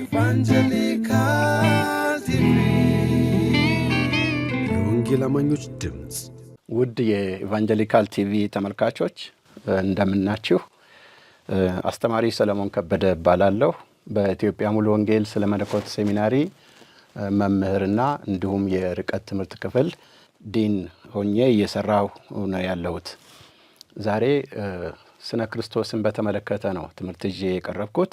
ኢቫንጀሊካል የወንጌል አማኞች ድምፅ። ውድ የኢቫንጀሊካል ቲቪ ተመልካቾች እንደምናችሁ። አስተማሪ ሰለሞን ከበደ እባላለሁ። በኢትዮጵያ ሙሉ ወንጌል ስለ መለኮት ሴሚናሪ መምህርና እንዲሁም የርቀት ትምህርት ክፍል ዲን ሆኜ እየሰራሁ ነው ያለሁት። ዛሬ ስነ ክርስቶስን በተመለከተ ነው ትምህርት ይዤ የቀረብኩት።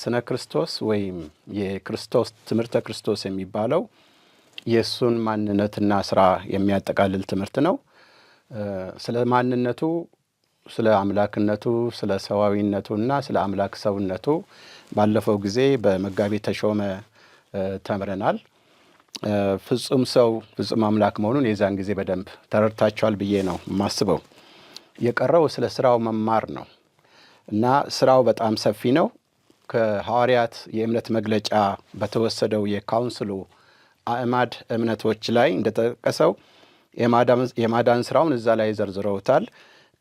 ስነ ክርስቶስ ወይም የክርስቶስ ትምህርተ ክርስቶስ የሚባለው የእሱን ማንነትና ስራ የሚያጠቃልል ትምህርት ነው። ስለ ማንነቱ፣ ስለ አምላክነቱ፣ ስለ ሰዋዊነቱ እና ስለ አምላክ ሰውነቱ ባለፈው ጊዜ በመጋቢ ተሾመ ተምረናል። ፍጹም ሰው ፍጹም አምላክ መሆኑን የዛን ጊዜ በደንብ ተረድታችኋል ብዬ ነው የማስበው። የቀረው ስለ ስራው መማር ነው እና ስራው በጣም ሰፊ ነው። ከሐዋርያት የእምነት መግለጫ በተወሰደው የካውንስሉ አእማድ እምነቶች ላይ እንደጠቀሰው የማዳን ስራውን እዛ ላይ ዘርዝረውታል።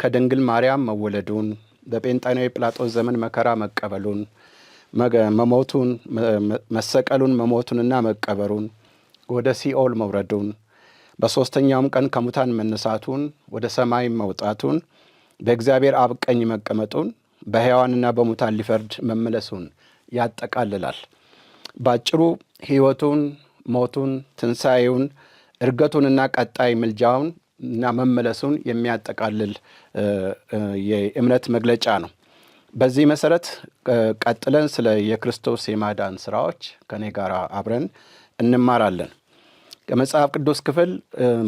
ከድንግል ማርያም መወለዱን፣ በጴንጣናዊ ጵላጦስ ዘመን መከራ መቀበሉን፣ መሞቱን፣ መሰቀሉን፣ መሞቱንና መቀበሩን፣ ወደ ሲኦል መውረዱን፣ በሦስተኛውም ቀን ከሙታን መነሳቱን፣ ወደ ሰማይ መውጣቱን፣ በእግዚአብሔር አብ ቀኝ መቀመጡን በሕያዋንና በሙታን ሊፈርድ መመለሱን ያጠቃልላል። ባጭሩ ሕይወቱን፣ ሞቱን፣ ትንሣኤውን፣ እርገቱንና ቀጣይ ምልጃውን እና መመለሱን የሚያጠቃልል የእምነት መግለጫ ነው። በዚህ መሰረት ቀጥለን ስለ የክርስቶስ የማዳን ስራዎች ከኔ ጋር አብረን እንማራለን። ከመጽሐፍ ቅዱስ ክፍል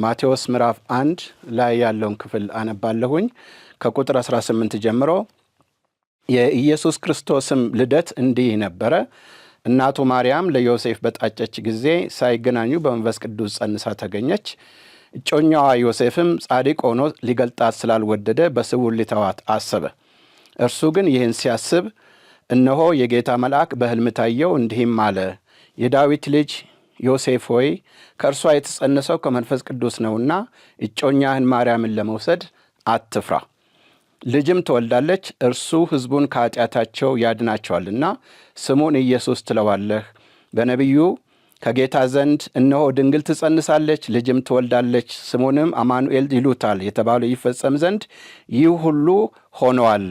ማቴዎስ ምዕራፍ አንድ ላይ ያለውን ክፍል አነባለሁኝ ከቁጥር 18 ጀምሮ የኢየሱስ ክርስቶስም ልደት እንዲህ ነበረ። እናቱ ማርያም ለዮሴፍ በጣጨች ጊዜ ሳይገናኙ በመንፈስ ቅዱስ ጸንሳ ተገኘች። እጮኛዋ ዮሴፍም ጻድቅ ሆኖ ሊገልጣት ስላልወደደ በስውር ሊተዋት አሰበ። እርሱ ግን ይህን ሲያስብ እነሆ የጌታ መልአክ በሕልም ታየው፣ እንዲህም አለ፣ የዳዊት ልጅ ዮሴፍ ሆይ ከእርሷ የተጸነሰው ከመንፈስ ቅዱስ ነውና እጮኛህን ማርያምን ለመውሰድ አትፍራ። ልጅም ትወልዳለች፣ እርሱ ሕዝቡን ከኃጢአታቸው ያድናቸዋልና ስሙን ኢየሱስ ትለዋለህ። በነቢዩ ከጌታ ዘንድ እነሆ ድንግል ትጸንሳለች፣ ልጅም ትወልዳለች፣ ስሙንም አማኑኤል ይሉታል የተባለው ይፈጸም ዘንድ ይህ ሁሉ ሆነዋል።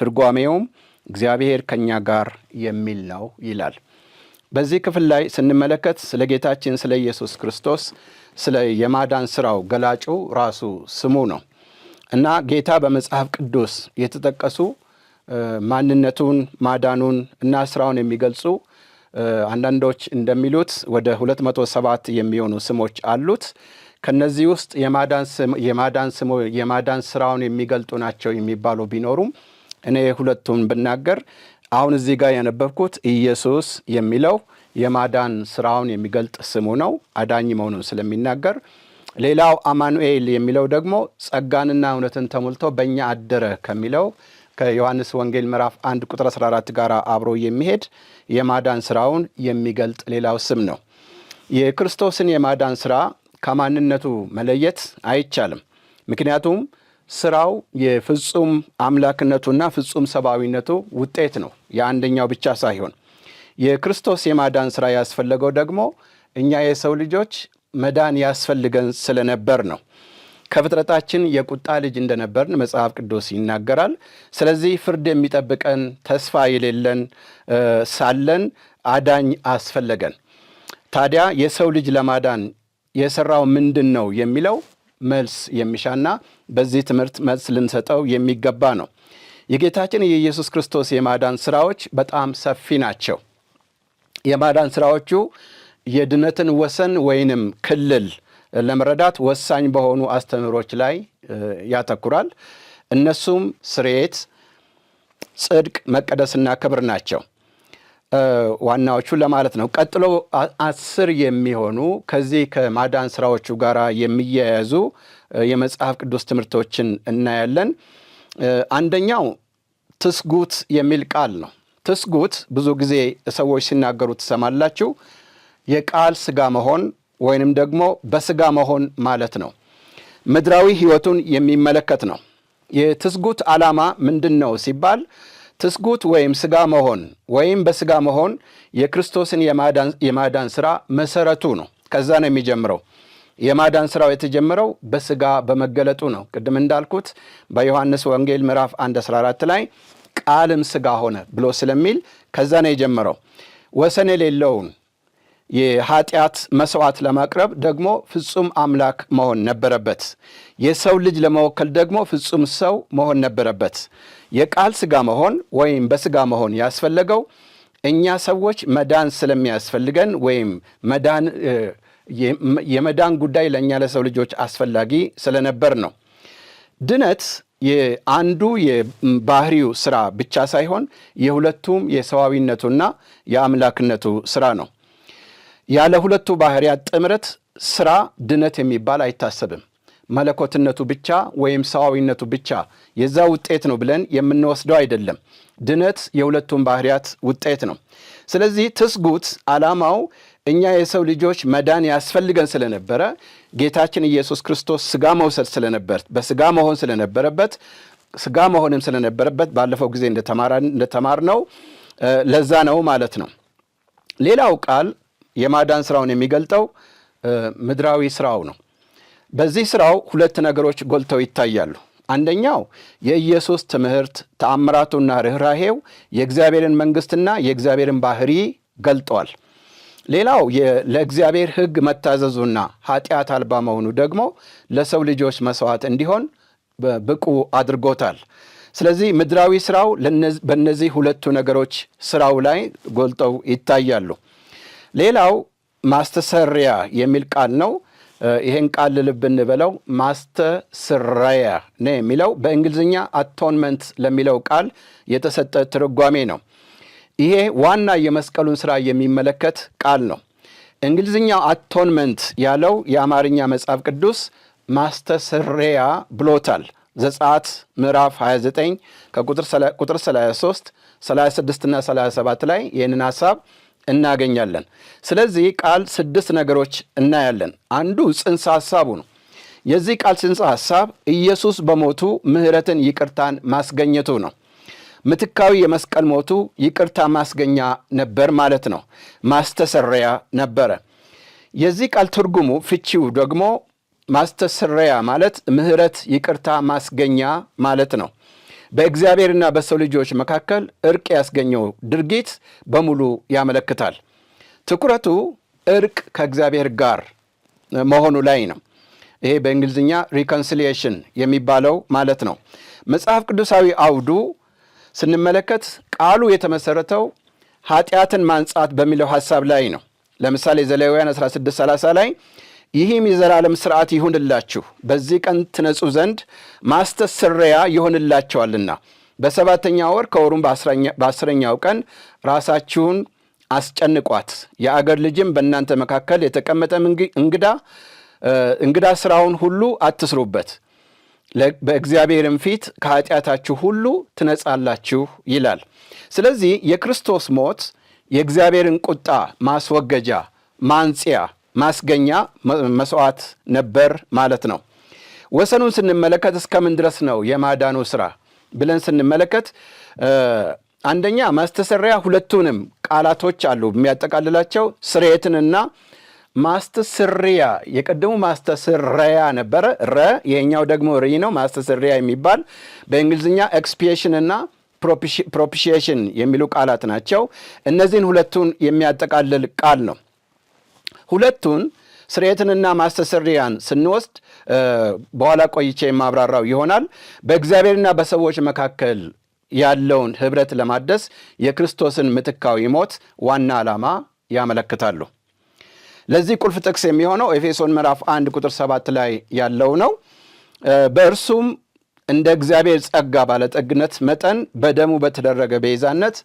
ትርጓሜውም እግዚአብሔር ከእኛ ጋር የሚል ነው ይላል። በዚህ ክፍል ላይ ስንመለከት ስለ ጌታችን ስለ ኢየሱስ ክርስቶስ ስለ የማዳን ስራው ገላጩ ራሱ ስሙ ነው። እና ጌታ በመጽሐፍ ቅዱስ የተጠቀሱ ማንነቱን፣ ማዳኑን እና ስራውን የሚገልጹ አንዳንዶች እንደሚሉት ወደ 207 የሚሆኑ ስሞች አሉት። ከነዚህ ውስጥ የማዳን ስሙ የማዳን ስራውን የሚገልጡ ናቸው የሚባሉ ቢኖሩም እኔ ሁለቱን ብናገር አሁን እዚህ ጋር ያነበብኩት ኢየሱስ የሚለው የማዳን ስራውን የሚገልጥ ስሙ ነው አዳኝ መሆኑን ስለሚናገር ሌላው አማኑኤል የሚለው ደግሞ ጸጋንና እውነትን ተሞልቶ በእኛ አደረ ከሚለው ከዮሐንስ ወንጌል ምዕራፍ 1 ቁጥር 14 ጋር አብሮ የሚሄድ የማዳን ስራውን የሚገልጥ ሌላው ስም ነው። የክርስቶስን የማዳን ስራ ከማንነቱ መለየት አይቻልም። ምክንያቱም ስራው የፍጹም አምላክነቱና ፍጹም ሰብአዊነቱ ውጤት ነው፣ የአንደኛው ብቻ ሳይሆን። የክርስቶስ የማዳን ስራ ያስፈለገው ደግሞ እኛ የሰው ልጆች መዳን ያስፈልገን ስለነበር ነው። ከፍጥረታችን የቁጣ ልጅ እንደነበርን መጽሐፍ ቅዱስ ይናገራል። ስለዚህ ፍርድ የሚጠብቀን ተስፋ የሌለን ሳለን አዳኝ አስፈለገን። ታዲያ የሰው ልጅ ለማዳን የሰራው ምንድን ነው የሚለው መልስ የሚሻና በዚህ ትምህርት መልስ ልንሰጠው የሚገባ ነው። የጌታችን የኢየሱስ ክርስቶስ የማዳን ስራዎች በጣም ሰፊ ናቸው። የማዳን ስራዎቹ የድነትን ወሰን ወይንም ክልል ለመረዳት ወሳኝ በሆኑ አስተምህሮች ላይ ያተኩራል። እነሱም ስርየት፣ ጽድቅ፣ መቀደስና ክብር ናቸው ዋናዎቹ ለማለት ነው። ቀጥሎ አስር የሚሆኑ ከዚህ ከማዳን ስራዎቹ ጋር የሚያያዙ የመጽሐፍ ቅዱስ ትምህርቶችን እናያለን። አንደኛው ትስጉት የሚል ቃል ነው። ትስጉት ብዙ ጊዜ ሰዎች ሲናገሩ ትሰማላችሁ። የቃል ስጋ መሆን ወይንም ደግሞ በስጋ መሆን ማለት ነው። ምድራዊ ህይወቱን የሚመለከት ነው። የትስጉት ዓላማ ምንድን ነው ሲባል ትስጉት ወይም ስጋ መሆን ወይም በስጋ መሆን የክርስቶስን የማዳን ስራ መሰረቱ ነው። ከዛ ነው የሚጀምረው። የማዳን ስራው የተጀመረው በስጋ በመገለጡ ነው። ቅድም እንዳልኩት በዮሐንስ ወንጌል ምዕራፍ 1 14 ላይ ቃልም ስጋ ሆነ ብሎ ስለሚል ከዛ ነው የጀመረው። ወሰን የሌለውን የኃጢአት መስዋዕት ለማቅረብ ደግሞ ፍጹም አምላክ መሆን ነበረበት። የሰው ልጅ ለመወከል ደግሞ ፍጹም ሰው መሆን ነበረበት። የቃል ሥጋ መሆን ወይም በሥጋ መሆን ያስፈለገው እኛ ሰዎች መዳን ስለሚያስፈልገን ወይም መዳን የመዳን ጉዳይ ለእኛ ለሰው ልጆች አስፈላጊ ስለነበር ነው። ድነት የአንዱ የባህሪው ስራ ብቻ ሳይሆን የሁለቱም የሰዋዊነቱና የአምላክነቱ ስራ ነው። ያለ ሁለቱ ባህርያት ጥምረት ስራ ድነት የሚባል አይታሰብም። መለኮትነቱ ብቻ ወይም ሰዋዊነቱ ብቻ የዛ ውጤት ነው ብለን የምንወስደው አይደለም። ድነት የሁለቱም ባህርያት ውጤት ነው። ስለዚህ ትስጉት ዓላማው እኛ የሰው ልጆች መዳን ያስፈልገን ስለነበረ ጌታችን ኢየሱስ ክርስቶስ ስጋ መውሰድ ስለነበር በስጋ መሆን ስለነበረበት ስጋ መሆንም ስለነበረበት ባለፈው ጊዜ እንደተማርነው ለዛ ነው ማለት ነው። ሌላው ቃል የማዳን ስራውን የሚገልጠው ምድራዊ ስራው ነው። በዚህ ስራው ሁለት ነገሮች ጎልተው ይታያሉ። አንደኛው የኢየሱስ ትምህርት ተአምራቱና ርኅራሄው የእግዚአብሔርን መንግሥትና የእግዚአብሔርን ባህሪ ገልጠዋል። ሌላው ለእግዚአብሔር ሕግ መታዘዙና ኃጢአት አልባ መሆኑ ደግሞ ለሰው ልጆች መስዋዕት እንዲሆን ብቁ አድርጎታል። ስለዚህ ምድራዊ ስራው በእነዚህ ሁለቱ ነገሮች ስራው ላይ ጎልጠው ይታያሉ። ሌላው ማስተሰሪያ የሚል ቃል ነው። ይህን ቃል ልብ እንበለው። ማስተስረያ ነው የሚለው በእንግሊዝኛ አቶንመንት ለሚለው ቃል የተሰጠ ትርጓሜ ነው። ይሄ ዋና የመስቀሉን ስራ የሚመለከት ቃል ነው። እንግሊዝኛው አቶንመንት ያለው የአማርኛ መጽሐፍ ቅዱስ ማስተስረያ ብሎታል። ዘጸአት ምዕራፍ 29 ከቁጥር 33፣ 36 እና 37 ላይ ይህንን ሐሳብ እናገኛለን። ስለዚህ ቃል ስድስት ነገሮች እናያለን። አንዱ ጽንሰ ሐሳቡ ነው። የዚህ ቃል ጽንሰ ሐሳብ ኢየሱስ በሞቱ ምሕረትን፣ ይቅርታን ማስገኘቱ ነው። ምትካዊ የመስቀል ሞቱ ይቅርታ ማስገኛ ነበር ማለት ነው። ማስተሰረያ ነበረ። የዚህ ቃል ትርጉሙ ፍቺው ደግሞ ማስተሰረያ ማለት ምሕረት፣ ይቅርታ ማስገኛ ማለት ነው። በእግዚአብሔርና በሰው ልጆች መካከል እርቅ ያስገኘው ድርጊት በሙሉ ያመለክታል። ትኩረቱ እርቅ ከእግዚአብሔር ጋር መሆኑ ላይ ነው። ይሄ በእንግሊዝኛ ሪኮንሲሊየሽን የሚባለው ማለት ነው። መጽሐፍ ቅዱሳዊ አውዱ ስንመለከት ቃሉ የተመሰረተው ኃጢአትን ማንጻት በሚለው ሐሳብ ላይ ነው። ለምሳሌ ዘሌዋውያን 1630 ላይ ይህም የዘላለም ሥርዓት ይሁንላችሁ በዚህ ቀን ትነጹ ዘንድ ማስተስረያ ይሆንላቸዋልና በሰባተኛ ወር ከወሩም በአስረኛው ቀን ራሳችሁን አስጨንቋት። የአገር ልጅም በእናንተ መካከል የተቀመጠ እንግዳ እንግዳ ሥራውን ሁሉ አትስሩበት፣ በእግዚአብሔርም ፊት ከኃጢአታችሁ ሁሉ ትነጻላችሁ ይላል። ስለዚህ የክርስቶስ ሞት የእግዚአብሔርን ቁጣ ማስወገጃ ማንጽያ ማስገኛ መስዋዕት ነበር ማለት ነው። ወሰኑን ስንመለከት እስከምን ድረስ ነው የማዳኑ ስራ ብለን ስንመለከት አንደኛ ማስተሰሪያ ሁለቱንም ቃላቶች አሉ የሚያጠቃልላቸው ስርየትንና ማስተስሪያ የቀደሙ ማስተስሪያ ነበረ ረ ይሄኛው ደግሞ ሪ ነው ማስተስሪያ የሚባል በእንግሊዝኛ ኤክስፒሽን እና ፕሮፒሺዬሽን የሚሉ ቃላት ናቸው እነዚህን ሁለቱን የሚያጠቃልል ቃል ነው ሁለቱን ስርየትንና ማስተሰሪያን ስንወስድ በኋላ ቆይቼ የማብራራው ይሆናል። በእግዚአብሔርና በሰዎች መካከል ያለውን ህብረት ለማደስ የክርስቶስን ምትካዊ ሞት ዋና ዓላማ ያመለክታሉ። ለዚህ ቁልፍ ጥቅስ የሚሆነው ኤፌሶን ምዕራፍ 1 ቁጥር 7 ላይ ያለው ነው። በእርሱም እንደ እግዚአብሔር ጸጋ ባለጠግነት መጠን በደሙ በተደረገ ቤዛነት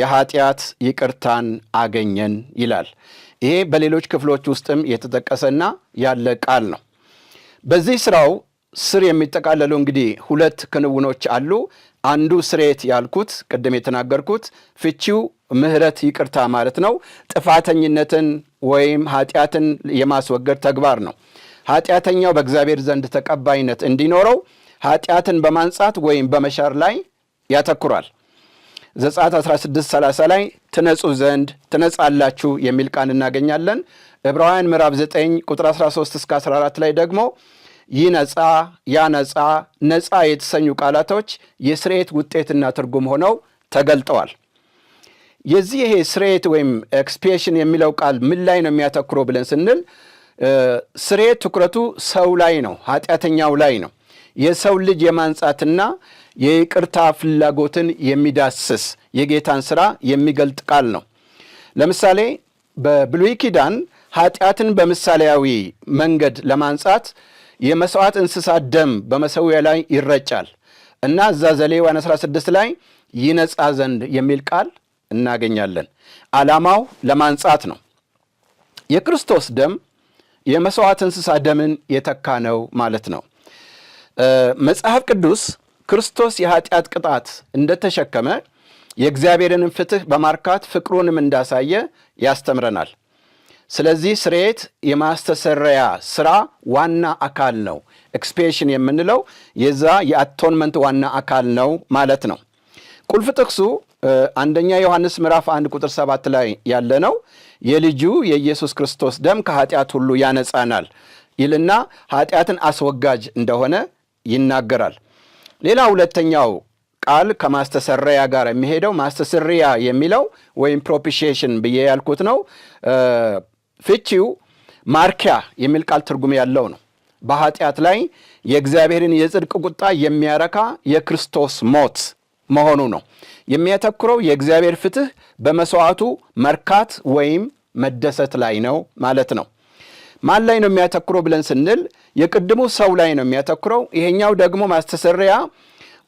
የኃጢአት ይቅርታን አገኘን ይላል። ይሄ በሌሎች ክፍሎች ውስጥም የተጠቀሰና ያለ ቃል ነው። በዚህ ስራው ስር የሚጠቃለሉ እንግዲህ ሁለት ክንውኖች አሉ። አንዱ ስርየት ያልኩት ቅድም የተናገርኩት ፍቺው ምህረት ይቅርታ ማለት ነው። ጥፋተኝነትን ወይም ኃጢአትን የማስወገድ ተግባር ነው። ኃጢአተኛው በእግዚአብሔር ዘንድ ተቀባይነት እንዲኖረው ኃጢአትን በማንጻት ወይም በመሻር ላይ ያተኩራል። ዘጸአት 1630 ላይ ትነጹ ዘንድ ትነጻላችሁ የሚል ቃል እናገኛለን። ዕብራውያን ምዕራፍ 9 ቁጥር 13 እስከ 14 ላይ ደግሞ ይህ ነጻ ያ ነጻ ነጻ የተሰኙ ቃላቶች የስርየት ውጤትና ትርጉም ሆነው ተገልጠዋል። የዚህ ይሄ ስርየት ወይም ኤክስፒሽን የሚለው ቃል ምን ላይ ነው የሚያተኩረው ብለን ስንል ስርየት ትኩረቱ ሰው ላይ ነው፣ ኃጢአተኛው ላይ ነው። የሰው ልጅ የማንጻትና የይቅርታ ፍላጎትን የሚዳስስ የጌታን ሥራ የሚገልጥ ቃል ነው። ለምሳሌ በብሉይ ኪዳን ኃጢአትን በምሳሌያዊ መንገድ ለማንጻት የመስዋዕት እንስሳት ደም በመሠዊያ ላይ ይረጫል እና እዛ ዘሌዋውያን 16 ላይ ይነጻ ዘንድ የሚል ቃል እናገኛለን። ዓላማው ለማንጻት ነው። የክርስቶስ ደም የመስዋዕት እንስሳ ደምን የተካ ነው ማለት ነው። መጽሐፍ ቅዱስ ክርስቶስ የኃጢአት ቅጣት እንደተሸከመ የእግዚአብሔርንም ፍትህ በማርካት ፍቅሩንም እንዳሳየ ያስተምረናል። ስለዚህ ስርየት የማስተሰረያ ስራ ዋና አካል ነው። ኤክስፔሽን የምንለው የዛ የአቶንመንት ዋና አካል ነው ማለት ነው። ቁልፍ ጥቅሱ አንደኛ ዮሐንስ ምዕራፍ 1 ቁጥር 7 ላይ ያለ ነው። የልጁ የኢየሱስ ክርስቶስ ደም ከኃጢአት ሁሉ ያነጻናል ይልና ኃጢአትን አስወጋጅ እንደሆነ ይናገራል። ሌላ ሁለተኛው ቃል ከማስተሰሪያ ጋር የሚሄደው ማስተሰሪያ የሚለው ወይም ፕሮፒሽሽን ብዬ ያልኩት ነው። ፍቺው ማርኪያ የሚል ቃል ትርጉም ያለው ነው። በኃጢአት ላይ የእግዚአብሔርን የጽድቅ ቁጣ የሚያረካ የክርስቶስ ሞት መሆኑ ነው። የሚያተኩረው የእግዚአብሔር ፍትህ በመስዋዕቱ መርካት ወይም መደሰት ላይ ነው ማለት ነው። ማን ላይ ነው የሚያተኩረው ብለን ስንል የቅድሙ ሰው ላይ ነው የሚያተኩረው። ይሄኛው ደግሞ ማስተሰሪያ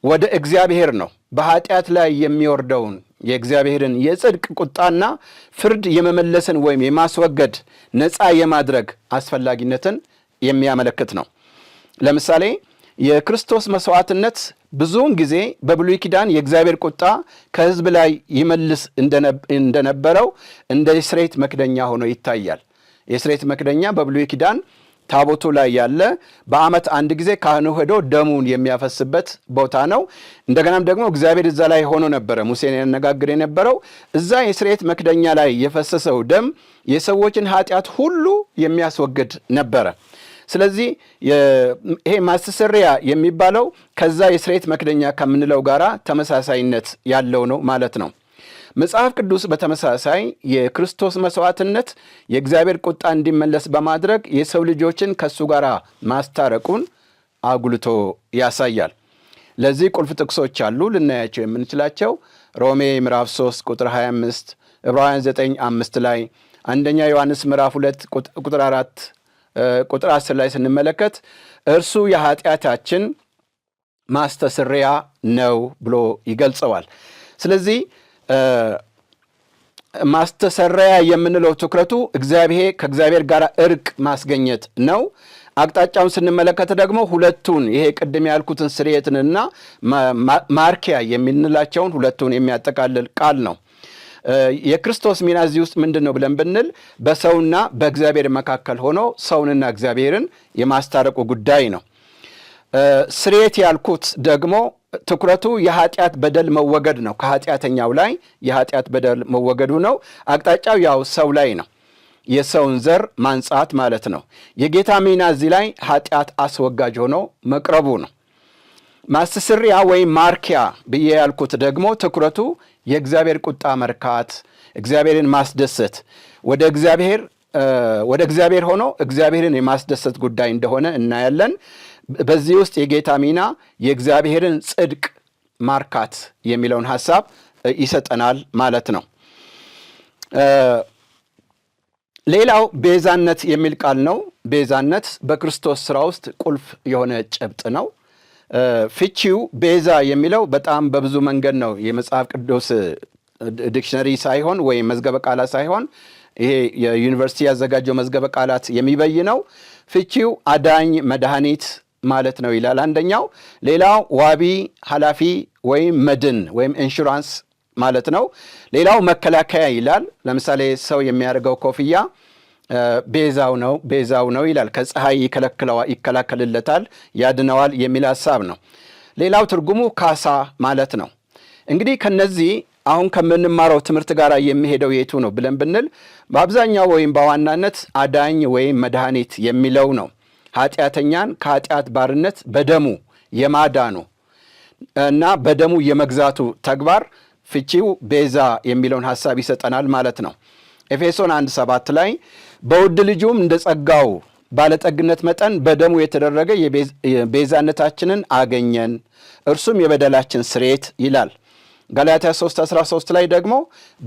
ወደ እግዚአብሔር ነው። በኃጢአት ላይ የሚወርደውን የእግዚአብሔርን የጽድቅ ቁጣና ፍርድ የመመለስን ወይም የማስወገድ ነፃ የማድረግ አስፈላጊነትን የሚያመለክት ነው። ለምሳሌ የክርስቶስ መስዋዕትነት ብዙውን ጊዜ በብሉይ ኪዳን የእግዚአብሔር ቁጣ ከሕዝብ ላይ ይመልስ እንደነበረው እንደ ስሬት መክደኛ ሆኖ ይታያል። የስሬት መክደኛ በብሉይ ኪዳን ታቦቱ ላይ ያለ በዓመት አንድ ጊዜ ካህኑ ሄዶ ደሙን የሚያፈስበት ቦታ ነው። እንደገናም ደግሞ እግዚአብሔር እዛ ላይ ሆኖ ነበረ ሙሴን ያነጋግር የነበረው። እዛ የስርየት መክደኛ ላይ የፈሰሰው ደም የሰዎችን ኃጢአት ሁሉ የሚያስወግድ ነበረ። ስለዚህ ይሄ ማስተሰሪያ የሚባለው ከዛ የስርየት መክደኛ ከምንለው ጋራ ተመሳሳይነት ያለው ነው ማለት ነው። መጽሐፍ ቅዱስ በተመሳሳይ የክርስቶስ መስዋዕትነት የእግዚአብሔር ቁጣ እንዲመለስ በማድረግ የሰው ልጆችን ከእሱ ጋር ማስታረቁን አጉልቶ ያሳያል። ለዚህ ቁልፍ ጥቅሶች አሉ ልናያቸው የምንችላቸው ሮሜ ምዕራፍ 3 ቁጥር 25፣ ዕብራውያን 9 5 ላይ አንደኛ ዮሐንስ ምዕራፍ 2 ቁጥር 4 ቁጥር 10 ላይ ስንመለከት እርሱ የኃጢአታችን ማስተስሪያ ነው ብሎ ይገልጸዋል። ስለዚህ ማስተሰረያ የምንለው ትኩረቱ እግዚአብሔር ከእግዚአብሔር ጋር እርቅ ማስገኘት ነው። አቅጣጫውን ስንመለከት ደግሞ ሁለቱን ይሄ ቅድም ያልኩትን ስርየትንና ማርኪያ የምንላቸውን ሁለቱን የሚያጠቃልል ቃል ነው። የክርስቶስ ሚና እዚህ ውስጥ ምንድን ነው ብለን ብንል በሰውና በእግዚአብሔር መካከል ሆኖ ሰውንና እግዚአብሔርን የማስታረቁ ጉዳይ ነው። ስርየት ያልኩት ደግሞ ትኩረቱ የኃጢአት በደል መወገድ ነው። ከኃጢአተኛው ላይ የኃጢአት በደል መወገዱ ነው። አቅጣጫው ያው ሰው ላይ ነው። የሰውን ዘር ማንጻት ማለት ነው። የጌታ ሚና እዚህ ላይ ኃጢአት አስወጋጅ ሆኖ መቅረቡ ነው። ማስተስሪያ ወይም ማርኪያ ብዬ ያልኩት ደግሞ ትኩረቱ የእግዚአብሔር ቁጣ መርካት፣ እግዚአብሔርን ማስደሰት ወደ እግዚአብሔር ወደ እግዚአብሔር ሆኖ እግዚአብሔርን የማስደሰት ጉዳይ እንደሆነ እናያለን። በዚህ ውስጥ የጌታ ሚና የእግዚአብሔርን ጽድቅ ማርካት የሚለውን ሀሳብ ይሰጠናል ማለት ነው። ሌላው ቤዛነት የሚል ቃል ነው። ቤዛነት በክርስቶስ ስራ ውስጥ ቁልፍ የሆነ ጭብጥ ነው። ፍቺው ቤዛ የሚለው በጣም በብዙ መንገድ ነው። የመጽሐፍ ቅዱስ ዲክሽነሪ ሳይሆን ወይም መዝገበ ቃላት ሳይሆን ይሄ የዩኒቨርሲቲ ያዘጋጀው መዝገበ ቃላት የሚበይነው ፍቺው አዳኝ፣ መድኃኒት፣ ማለት ነው ይላል አንደኛው። ሌላው ዋቢ ኃላፊ ወይም መድን ወይም ኢንሹራንስ ማለት ነው። ሌላው መከላከያ ይላል። ለምሳሌ ሰው የሚያደርገው ኮፍያ ቤዛው ነው ቤዛው ነው ይላል። ከፀሐይ ይከላከልለታል፣ ያድነዋል የሚል ሀሳብ ነው። ሌላው ትርጉሙ ካሳ ማለት ነው። እንግዲህ ከነዚህ አሁን ከምንማረው ትምህርት ጋር የሚሄደው የቱ ነው ብለን ብንል በአብዛኛው ወይም በዋናነት አዳኝ ወይም መድኃኒት የሚለው ነው። ኃጢአተኛን ከኃጢአት ባርነት በደሙ የማዳኑ እና በደሙ የመግዛቱ ተግባር ፍቺው ቤዛ የሚለውን ሐሳብ ይሰጠናል ማለት ነው። ኤፌሶን 1 7 ላይ በውድ ልጁም እንደ ጸጋው ባለጠግነት መጠን በደሙ የተደረገ የቤዛነታችንን አገኘን እርሱም የበደላችን ስሬት ይላል። ጋላትያ 3 13 ላይ ደግሞ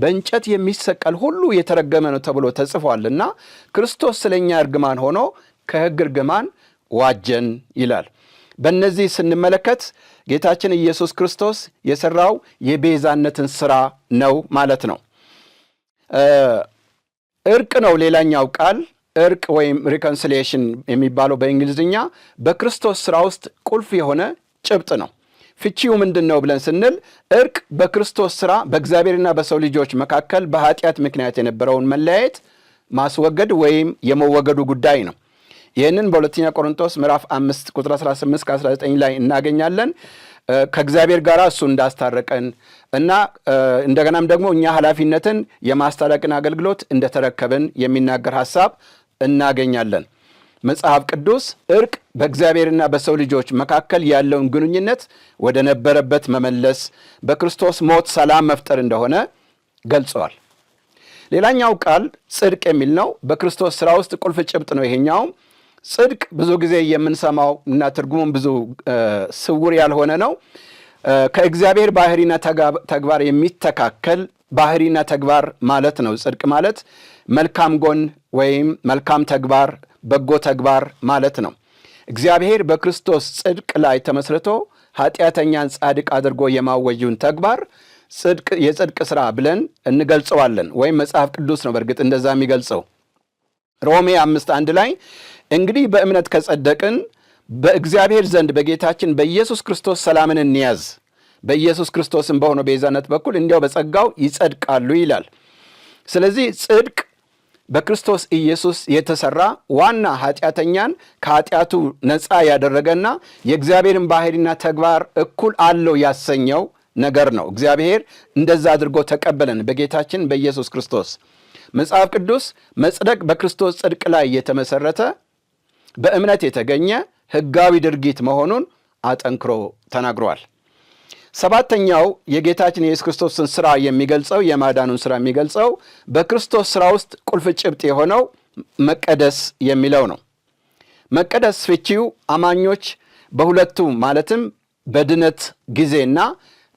በእንጨት የሚሰቀል ሁሉ የተረገመ ነው ተብሎ ተጽፏልና ክርስቶስ ስለኛ እርግማን ሆኖ ከሕግ እርግማን ዋጀን ይላል። በእነዚህ ስንመለከት ጌታችን ኢየሱስ ክርስቶስ የሠራው የቤዛነትን ሥራ ነው ማለት ነው። እርቅ ነው ሌላኛው ቃል እርቅ ወይም ሪኮንሲሊየሽን የሚባለው በእንግሊዝኛ በክርስቶስ ሥራ ውስጥ ቁልፍ የሆነ ጭብጥ ነው። ፍቺው ምንድን ነው ብለን ስንል እርቅ በክርስቶስ ሥራ በእግዚአብሔርና በሰው ልጆች መካከል በኃጢአት ምክንያት የነበረውን መለያየት ማስወገድ ወይም የመወገዱ ጉዳይ ነው። ይህንን በሁለተኛ ቆሮንቶስ ምዕራፍ አምስት ቁጥር 18 ከ19 ላይ እናገኛለን። ከእግዚአብሔር ጋር እሱ እንዳስታረቀን እና እንደገናም ደግሞ እኛ ኃላፊነትን የማስታረቅን አገልግሎት እንደተረከብን የሚናገር ሐሳብ እናገኛለን። መጽሐፍ ቅዱስ እርቅ በእግዚአብሔርና በሰው ልጆች መካከል ያለውን ግንኙነት ወደ ነበረበት መመለስ፣ በክርስቶስ ሞት ሰላም መፍጠር እንደሆነ ገልጸዋል። ሌላኛው ቃል ጽድቅ የሚል ነው። በክርስቶስ ሥራ ውስጥ ቁልፍ ጭብጥ ነው ይሄኛውም ጽድቅ ብዙ ጊዜ የምንሰማው እና ትርጉሙም ብዙ ስውር ያልሆነ ነው። ከእግዚአብሔር ባህሪና ተግባር የሚተካከል ባህሪና ተግባር ማለት ነው። ጽድቅ ማለት መልካም ጎን ወይም መልካም ተግባር፣ በጎ ተግባር ማለት ነው። እግዚአብሔር በክርስቶስ ጽድቅ ላይ ተመስርቶ ኃጢአተኛን ጻድቅ አድርጎ የማወዩን ተግባር ጽድቅ የጽድቅ ሥራ ብለን እንገልጸዋለን። ወይም መጽሐፍ ቅዱስ ነው በእርግጥ እንደዛ የሚገልጸው ሮሜ አምስት አንድ ላይ እንግዲህ በእምነት ከጸደቅን በእግዚአብሔር ዘንድ በጌታችን በኢየሱስ ክርስቶስ ሰላምን እንያዝ፣ በኢየሱስ ክርስቶስም በሆነው ቤዛነት በኩል እንዲያው በጸጋው ይጸድቃሉ ይላል። ስለዚህ ጽድቅ በክርስቶስ ኢየሱስ የተሰራ ዋና ኃጢአተኛን ከኃጢአቱ ነፃ ያደረገና የእግዚአብሔርን ባህሪና ተግባር እኩል አለው ያሰኘው ነገር ነው። እግዚአብሔር እንደዛ አድርጎ ተቀበለን በጌታችን በኢየሱስ ክርስቶስ። መጽሐፍ ቅዱስ መጽደቅ በክርስቶስ ጽድቅ ላይ የተመሰረተ በእምነት የተገኘ ሕጋዊ ድርጊት መሆኑን አጠንክሮ ተናግረዋል። ሰባተኛው የጌታችን የኢየሱስ ክርስቶስን ስራ የሚገልጸው የማዳኑን ስራ የሚገልጸው በክርስቶስ ስራ ውስጥ ቁልፍ ጭብጥ የሆነው መቀደስ የሚለው ነው። መቀደስ ፍቺው አማኞች በሁለቱ ማለትም በድነት ጊዜና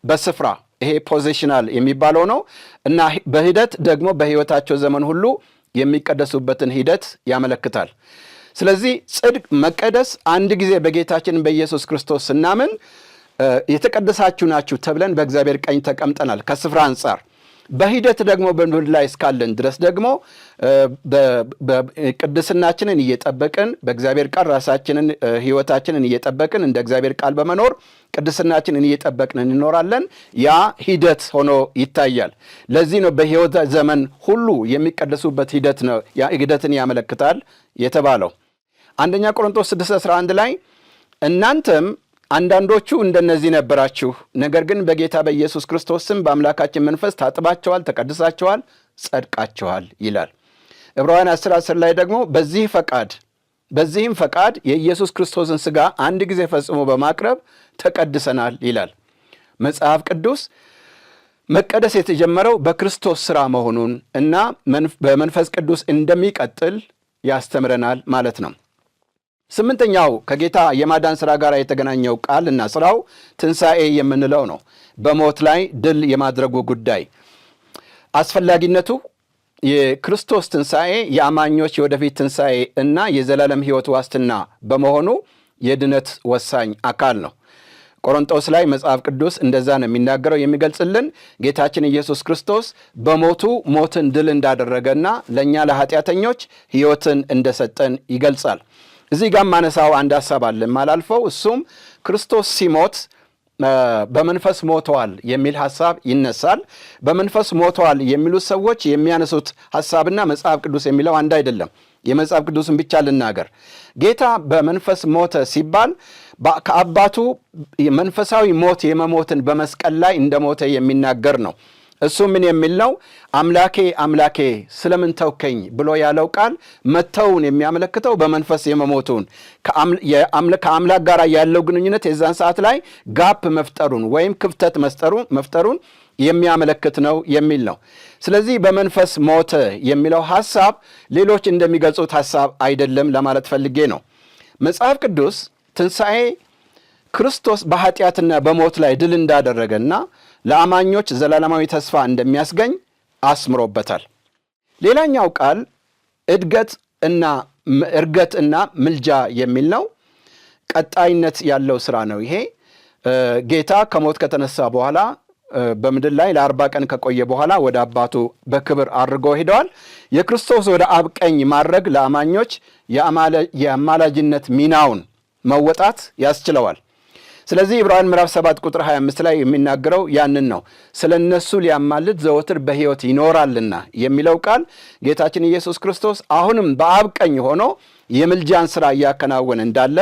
በስፍራ ይሄ ፖዚሽናል የሚባለው ነው እና በሂደት ደግሞ በሕይወታቸው ዘመን ሁሉ የሚቀደሱበትን ሂደት ያመለክታል። ስለዚህ ጽድቅ መቀደስ አንድ ጊዜ በጌታችን በኢየሱስ ክርስቶስ ስናምን የተቀደሳችሁ ናችሁ ተብለን በእግዚአብሔር ቀኝ ተቀምጠናል ከስፍራ አንጻር በሂደት ደግሞ በምድር ላይ እስካለን ድረስ ደግሞ ቅድስናችንን እየጠበቅን በእግዚአብሔር ቃል ራሳችንን ህይወታችንን እየጠበቅን እንደ እግዚአብሔር ቃል በመኖር ቅድስናችንን እየጠበቅን እንኖራለን። ያ ሂደት ሆኖ ይታያል። ለዚህ ነው በህይወት ዘመን ሁሉ የሚቀደሱበት ሂደት ነው ሂደትን ያመለክታል የተባለው። አንደኛ ቆሮንቶስ 6:11 ላይ እናንተም አንዳንዶቹ እንደነዚህ ነበራችሁ፣ ነገር ግን በጌታ በኢየሱስ ክርስቶስ ስም በአምላካችን መንፈስ ታጥባቸዋል ተቀድሳቸዋል ጸድቃችኋል ይላል። ዕብራውያን 10 ላይ ደግሞ በዚህ ፈቃድ በዚህም ፈቃድ የኢየሱስ ክርስቶስን ሥጋ አንድ ጊዜ ፈጽሞ በማቅረብ ተቀድሰናል ይላል መጽሐፍ ቅዱስ። መቀደስ የተጀመረው በክርስቶስ ሥራ መሆኑን እና በመንፈስ ቅዱስ እንደሚቀጥል ያስተምረናል ማለት ነው። ስምንተኛው ከጌታ የማዳን ስራ ጋር የተገናኘው ቃል እና ስራው ትንሣኤ የምንለው ነው። በሞት ላይ ድል የማድረጉ ጉዳይ አስፈላጊነቱ የክርስቶስ ትንሣኤ የአማኞች የወደፊት ትንሣኤ እና የዘላለም ሕይወት ዋስትና በመሆኑ የድነት ወሳኝ አካል ነው። ቆሮንጦስ ላይ መጽሐፍ ቅዱስ እንደዛ ነው የሚናገረው የሚገልጽልን ጌታችን ኢየሱስ ክርስቶስ በሞቱ ሞትን ድል እንዳደረገና ለእኛ ለኃጢአተኞች ሕይወትን እንደሰጠን ይገልጻል። እዚህ ጋር ማነሳው አንድ ሀሳብ አለ የማላልፈው፣ እሱም ክርስቶስ ሲሞት በመንፈስ ሞተዋል የሚል ሀሳብ ይነሳል። በመንፈስ ሞተዋል የሚሉት ሰዎች የሚያነሱት ሀሳብና መጽሐፍ ቅዱስ የሚለው አንድ አይደለም። የመጽሐፍ ቅዱስን ብቻ ልናገር። ጌታ በመንፈስ ሞተ ሲባል ከአባቱ መንፈሳዊ ሞት የመሞትን በመስቀል ላይ እንደሞተ የሚናገር ነው። እሱ ምን የሚል ነው? አምላኬ አምላኬ ስለምን ተውከኝ ብሎ ያለው ቃል መተውን የሚያመለክተው በመንፈስ የመሞቱን ከአምላክ ጋር ያለው ግንኙነት የዛን ሰዓት ላይ ጋፕ መፍጠሩን ወይም ክፍተት መፍጠሩን የሚያመለክት ነው የሚል ነው። ስለዚህ በመንፈስ ሞተ የሚለው ሐሳብ ሌሎች እንደሚገልጹት ሐሳብ አይደለም ለማለት ፈልጌ ነው። መጽሐፍ ቅዱስ ትንሣኤ ክርስቶስ በኃጢአትና በሞት ላይ ድል እንዳደረገና ለአማኞች ዘላለማዊ ተስፋ እንደሚያስገኝ አስምሮበታል። ሌላኛው ቃል እድገት እና እርገት እና ምልጃ የሚል ነው። ቀጣይነት ያለው ስራ ነው ይሄ። ጌታ ከሞት ከተነሳ በኋላ በምድር ላይ ለአርባ ቀን ከቆየ በኋላ ወደ አባቱ በክብር አድርጎ ሄደዋል። የክርስቶስ ወደ አብ ቀኝ ማድረግ ለአማኞች የአማላጅነት ሚናውን መወጣት ያስችለዋል። ስለዚህ ዕብራውያን ምዕራፍ 7 ቁጥር 25 ላይ የሚናገረው ያንን ነው። ስለ እነሱ ሊያማልድ ዘወትር በሕይወት ይኖራልና የሚለው ቃል ጌታችን ኢየሱስ ክርስቶስ አሁንም በአብ ቀኝ ሆኖ የምልጃን ሥራ እያከናወነ እንዳለ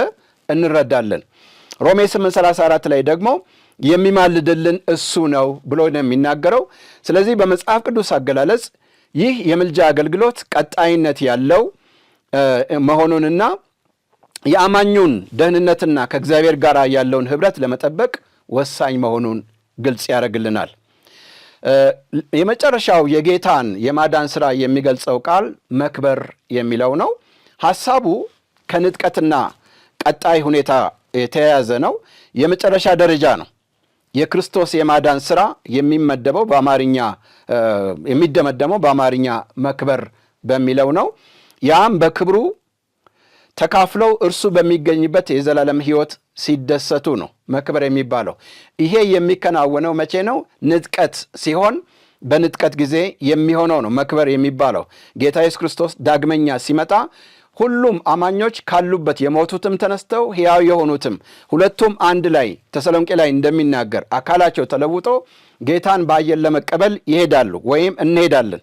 እንረዳለን። ሮሜ 8፥34 ላይ ደግሞ የሚማልድልን እሱ ነው ብሎ ነው የሚናገረው። ስለዚህ በመጽሐፍ ቅዱስ አገላለጽ ይህ የምልጃ አገልግሎት ቀጣይነት ያለው መሆኑንና የአማኙን ደህንነትና ከእግዚአብሔር ጋር ያለውን ህብረት ለመጠበቅ ወሳኝ መሆኑን ግልጽ ያደርግልናል። የመጨረሻው የጌታን የማዳን ሥራ የሚገልጸው ቃል መክበር የሚለው ነው። ሐሳቡ ከንጥቀትና ቀጣይ ሁኔታ የተያያዘ ነው። የመጨረሻ ደረጃ ነው። የክርስቶስ የማዳን ሥራ የሚመደበው በአማርኛ የሚደመደመው በአማርኛ መክበር በሚለው ነው። ያም በክብሩ ተካፍለው እርሱ በሚገኝበት የዘላለም ሕይወት ሲደሰቱ ነው መክበር የሚባለው። ይሄ የሚከናወነው መቼ ነው? ንጥቀት ሲሆን በንጥቀት ጊዜ የሚሆነው ነው መክበር የሚባለው። ጌታ ኢየሱስ ክርስቶስ ዳግመኛ ሲመጣ ሁሉም አማኞች ካሉበት የሞቱትም ተነስተው ሕያው የሆኑትም ሁለቱም አንድ ላይ ተሰሎንቄ ላይ እንደሚናገር አካላቸው ተለውጦ ጌታን በአየር ለመቀበል ይሄዳሉ ወይም እንሄዳለን።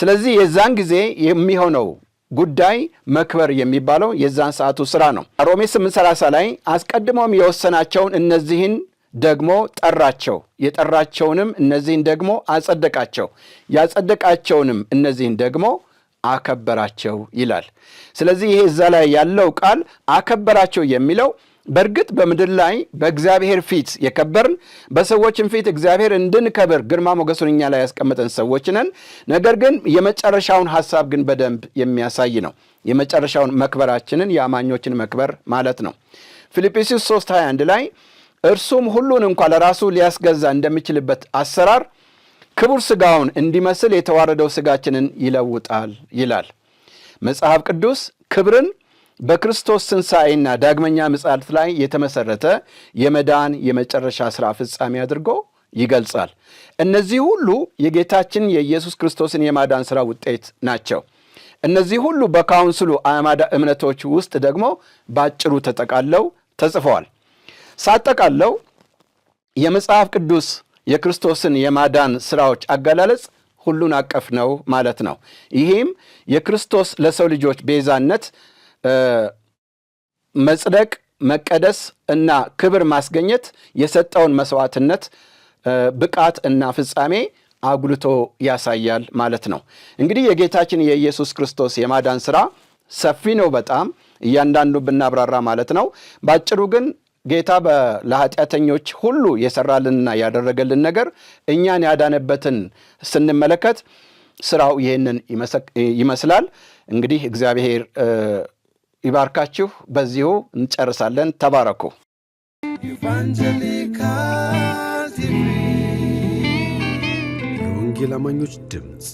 ስለዚህ የዛን ጊዜ የሚሆነው ጉዳይ መክበር የሚባለው የዛን ሰዓቱ ስራ ነው። ሮሜ 8፥30 ላይ አስቀድሞም የወሰናቸውን እነዚህን ደግሞ ጠራቸው፣ የጠራቸውንም እነዚህን ደግሞ አጸደቃቸው፣ ያጸደቃቸውንም እነዚህን ደግሞ አከበራቸው ይላል። ስለዚህ ይሄ እዛ ላይ ያለው ቃል አከበራቸው የሚለው በእርግጥ በምድር ላይ በእግዚአብሔር ፊት የከበርን በሰዎችም ፊት እግዚአብሔር እንድንከብር ግርማ ሞገሱን እኛ ላይ ያስቀመጠን ሰዎች ነን። ነገር ግን የመጨረሻውን ሐሳብ ግን በደንብ የሚያሳይ ነው። የመጨረሻውን መክበራችንን የአማኞችን መክበር ማለት ነው። ፊልጵስዩስ 3:21 ላይ እርሱም ሁሉን እንኳ ለራሱ ሊያስገዛ እንደሚችልበት አሰራር ክቡር ስጋውን እንዲመስል የተዋረደው ስጋችንን ይለውጣል ይላል መጽሐፍ ቅዱስ ክብርን በክርስቶስ ትንሣኤና ዳግመኛ ምጽአት ላይ የተመሰረተ የመዳን የመጨረሻ ሥራ ፍጻሜ አድርጎ ይገልጻል። እነዚህ ሁሉ የጌታችን የኢየሱስ ክርስቶስን የማዳን ሥራ ውጤት ናቸው። እነዚህ ሁሉ በካውንስሉ አዕማደ እምነቶች ውስጥ ደግሞ በአጭሩ ተጠቃለው ተጽፈዋል። ሳጠቃለው የመጽሐፍ ቅዱስ የክርስቶስን የማዳን ሥራዎች አገላለጽ ሁሉን አቀፍ ነው ማለት ነው። ይህም የክርስቶስ ለሰው ልጆች ቤዛነት መጽደቅ፣ መቀደስ እና ክብር ማስገኘት የሰጠውን መስዋዕትነት ብቃት እና ፍጻሜ አጉልቶ ያሳያል ማለት ነው። እንግዲህ የጌታችን የኢየሱስ ክርስቶስ የማዳን ስራ ሰፊ ነው በጣም እያንዳንዱ ብናብራራ ማለት ነው። ባጭሩ ግን ጌታ ለኃጢአተኞች ሁሉ የሰራልንና ያደረገልን ነገር እኛን ያዳነበትን ስንመለከት ስራው ይህንን ይመስላል። እንግዲህ እግዚአብሔር ይባርካችሁ። በዚሁ እንጨርሳለን። ተባረኩ። ኢቫንጀሊካል ቲቪ የወንጌል አማኞች ድምፅ